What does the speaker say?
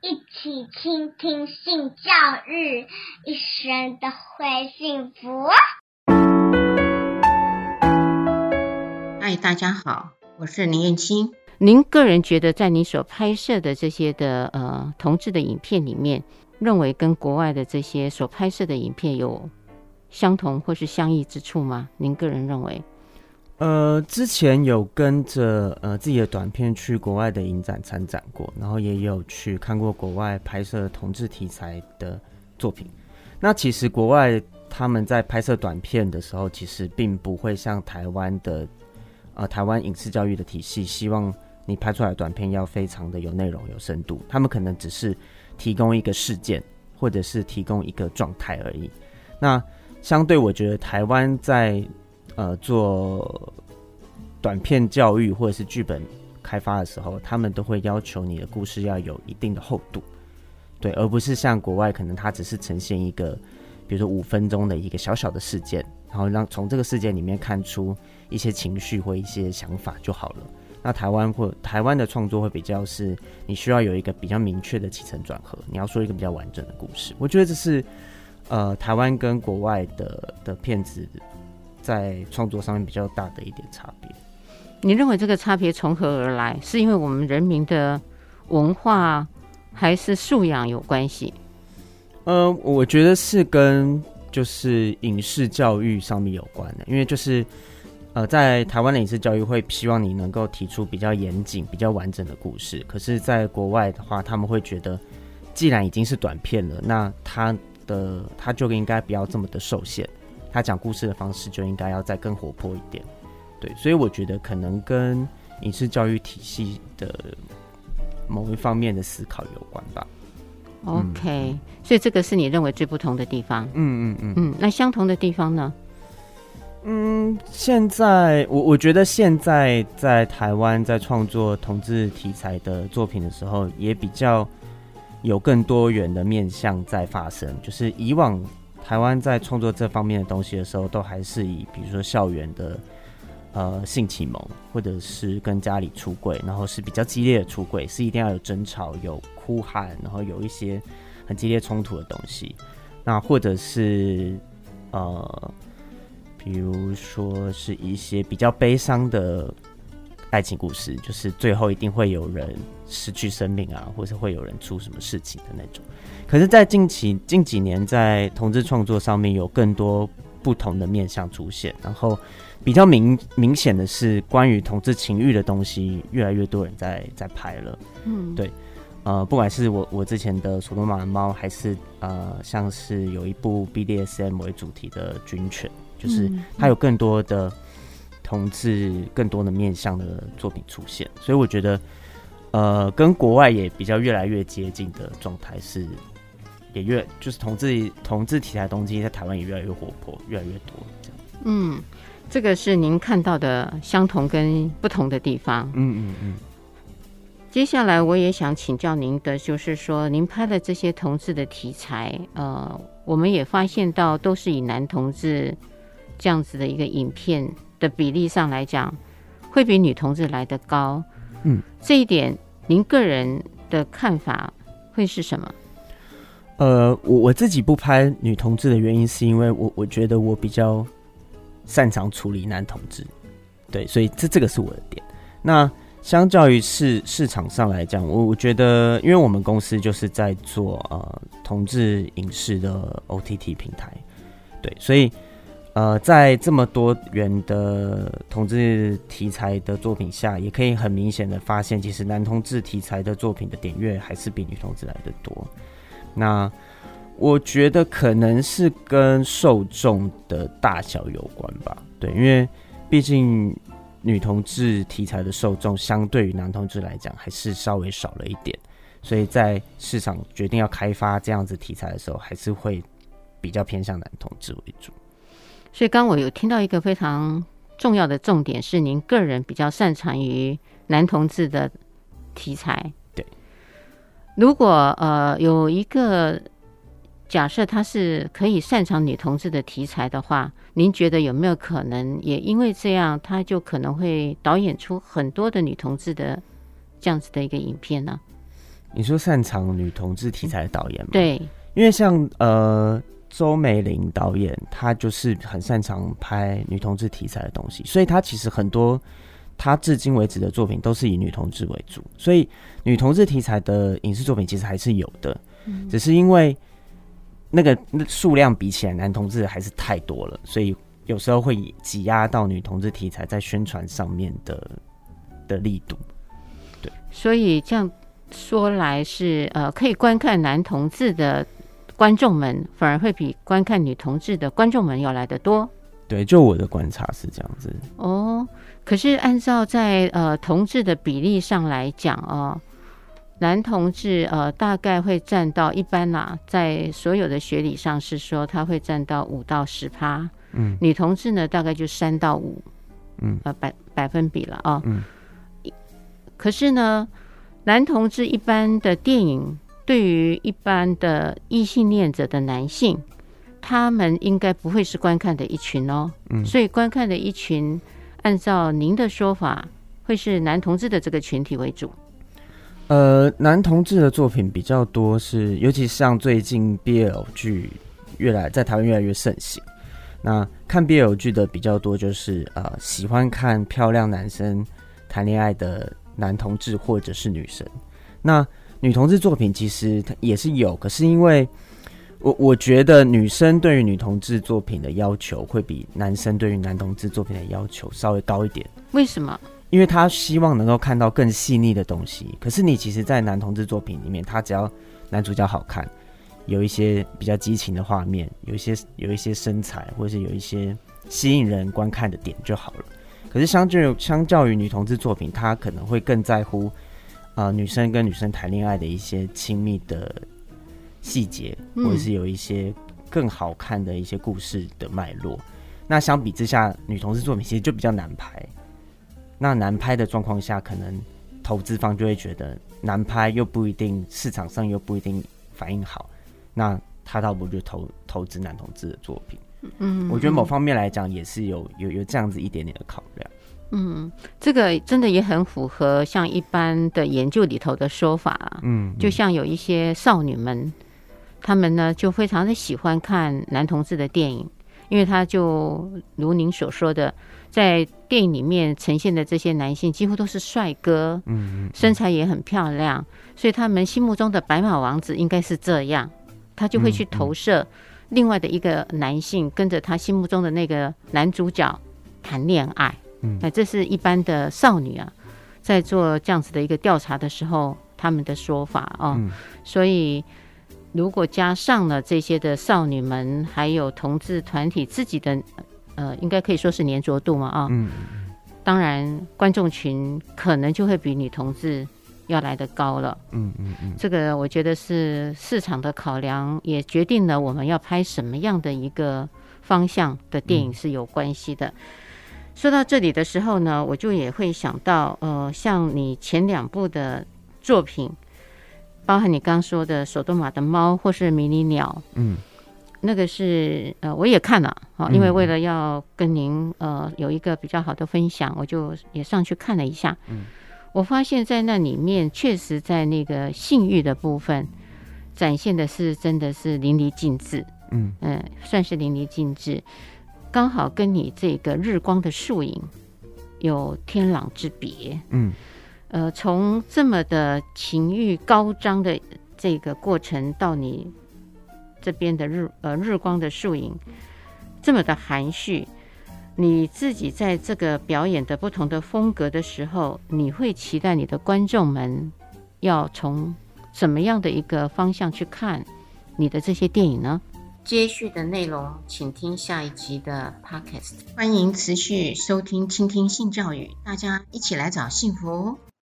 一起傾聽性教育，一生都會幸福。嗨，大家好，我是林燕青。您個人覺得，在您所拍攝的這些的呃同志的影片裡面，認為跟國外的這些所拍攝的影片有相同或是相異之處嗎？您個人認為？呃，之前有跟着呃自己的短片去國外的影展參展過，然後也有去看過國外拍攝同志題材的作品。那其實國外他們在拍攝短片的時候，其實並不會像台灣的呃台灣影視教育的體系，希望你拍出來的短片要非常的有內容、有深度。他們可能只是提供一個事件，或者是提供一個狀態而已。那相對，我覺得台灣在呃，做短片教育或者是劇本開發的時候，他們都會要求你的故事要有一定的厚度，對，而不是像國外可能他只是呈現一個，比如說五分鐘的一個小小的事件，然後讓從這個事件裡面看出一些情緒或一些想法就好了。那台灣或台灣的創作會比較是你需要有一個比較明確的起承轉合，你要說一個比較完整的故事。我覺得這是呃，台灣跟國外的的片子。在創作上面比較大的一點差別，你認為這個差別從何而來？是因為我們人民的文化還是素養有關係？呃，我覺得是跟就是影視教育上面有關的，因為就是呃，在台灣的影視教育會希望你能夠提出比較嚴謹、比較完整的故事，可是，在國外的話，他們會覺得既然已經是短片了，那它的它就應該不要這麼的受限。他講故事的方式就應該要再更活潑一點，對，所以我覺得可能跟影視教育體系的某一方面的思考有關吧。OK，嗯，所以這個是你認為最不同的地方。嗯嗯嗯嗯，那相同的地方呢？嗯，現在我我覺得現在在台灣在創作同志題材的作品的時候，也比較有更多元的面向在發生，就是以往。台灣在創作這方面的東西的時候，都還是以，比如說校園的，呃，性啟蒙，或者是跟家裡出櫃，然後是比較激烈的出櫃，是一定要有爭吵、有哭喊，然後有一些很激烈衝突的東西，那或者是呃，比如說是一些比較悲傷的。愛情故事就是最後一定會有人失去生命啊，或是會有人出什麼事情的那種。可是，在近期近幾年，在同志創作上面有更多不同的面向出現，然後比較明明顯的是，關於同志情慾的東西，越來越多人在在拍了。嗯，對，呃，不管是我我之前的《索多瑪的貓》，還是呃，像是有一部 BDSM 為主題的軍犬，就是它有更多的。同志更多的面向的作品出現，所以我覺得，呃，跟國外也比較越來越接近的狀態是，也越就是同志同志題材東西在台灣也越來越活潑，越來越多這樣。嗯，這個是您看到的相同跟不同的地方。嗯嗯嗯。接下來我也想請教您的，就是說您拍了這些同志的題材，呃，我們也發現到都是以男同志這樣子的一個影片。的比例上來講，會比女同志來得高，嗯，這一點您個人的看法會是什麼？呃，我我自己不拍女同志的原因，是因為我我覺得我比較擅長處理男同志，對，所以這這個是我的點。那相較於市市場上來講，我我覺得，因為我們公司就是在做呃同志影視的 OTT 平台，對，所以。呃，在這麼多元的同志題材的作品下，也可以很明顯的發現，其實男同志題材的作品的點閱還是比女同志來得多。那我覺得可能是跟受眾的大小有關吧，對，因為畢竟女同志題材的受眾相對於男同志來講，還是稍微少了一點，所以在市場決定要開發這樣子題材的時候，還是會比較偏向男同志為主。所以，剛我有聽到一個非常重要的重點，是您個人比較擅長於男同志的題材。對。如果呃有一個假設，他是可以擅長女同志的題材的話，您覺得有沒有可能也因為這樣，他就可能會導演出很多的女同志的這樣子的一個影片呢？啊？你說擅長女同志題材的導演嗎？對，因為像呃。周美玲導演，他就是很擅長拍女同志題材的東西，所以他其實很多他至今為止的作品都是以女同志為主，所以女同志題材的影視作品其實還是有的，嗯、只是因為那個數量比起來男同志還是太多了，所以有時候會擠壓到女同志題材在宣傳上面的的力度。對，所以這樣說來是呃，可以觀看男同志的。觀眾們反而會比觀看女同志的觀眾們要來得多。對，就我的觀察是這樣子。哦，可是按照在呃同志的比例上來講哦，男同志呃大概會佔到一般吶、啊，在所有的學理上是說他會佔到五到十趴。嗯，女同志呢大概就三到五。嗯，呃百百分比了啊、哦。嗯。可是呢，男同志一般的電影。對於一般的異性戀者的男性，他們應該不會是觀看的一群哦。嗯，所以觀看的一群，按照您的說法，會是男同志的這個群體為主。呃，男同志的作品比較多是，尤其像最近 BL 劇越來在台灣越來越盛行。那看 BL 劇的比較多，就是呃喜歡看漂亮男生談戀愛的男同志或者是女生。那女同志作品其實也是有，可是因為我我覺得女生對於女同志作品的要求會比男生對於男同志作品的要求稍微高一點。為什麼？因為他希望能夠看到更細膩的東西。可是你其實，在男同志作品裡面，他只要男主角好看，有一些比較激情的畫面，有一些有一些身材，或者是有一些吸引人觀看的點就好了。可是相就相較於女同志作品，她可能會更在乎。啊、呃，女生跟女生談戀愛的一些親密的細節，或者是有一些更好看的一些故事的脈絡。嗯。那相比之下，女同志作品其實就比較難拍。那難拍的狀況下，可能投資方就會覺得難拍又不一定市場上又不一定反應好。那他倒不如就投投資男同志的作品。嗯，我覺得某方面來講也是有有有這樣子一點點的考量。嗯，這個真的也很符合像一般的研究裡頭的說法。嗯，就像有一些少女們，她們呢，嗯嗯，就非常的喜歡看男同志的電影，因為他就如您所說的，在電影裡面呈現的這些男性幾乎都是帥哥，嗯，身材也很漂亮，所以他們心目中的白馬王子應該是這樣，他就會去投射另外的一個男性，跟着他心目中的那個男主角談戀愛。那這是一般的少女啊，在做這樣子的一個調查的時候，他們的說法啊、嗯，所以如果加上了這些的少女們，還有同志團體自己的，呃，應該可以說是粘着度嘛啊，嗯、當然觀眾群可能就會比女同志要來得高了。嗯嗯嗯，這個我覺得是市場的考量，也決定了我們要拍什麼樣的一個方向的電影是有關係的。嗯說到這裡的時候呢，我就也會想到，呃，像你前兩部的作品，包含你剛剛說的《索多馬的貓》或是《迷你鳥》，嗯，那個是呃，我也看了啊，因為為了要跟您呃有一個比較好的分享，我就也上去看了一下，嗯，我發現在那裡面確實在那個性慾的部分展現的是真的是淋漓盡致，嗯嗯、呃，算是淋漓盡致。剛好跟你這個日光的樹影有天壤之別。嗯，呃，從這麼的情欲高漲的這個過程到你這邊的日呃日光的樹影這麼的含蓄，你自己在這個表演的不同的風格的時候，你會期待你的觀眾們要從怎麼樣的一個方向去看你的這些電影呢？接續的內容，請聽下一集的 podcast。歡迎持續收聽、傾聽性教育，大家一起來找幸福。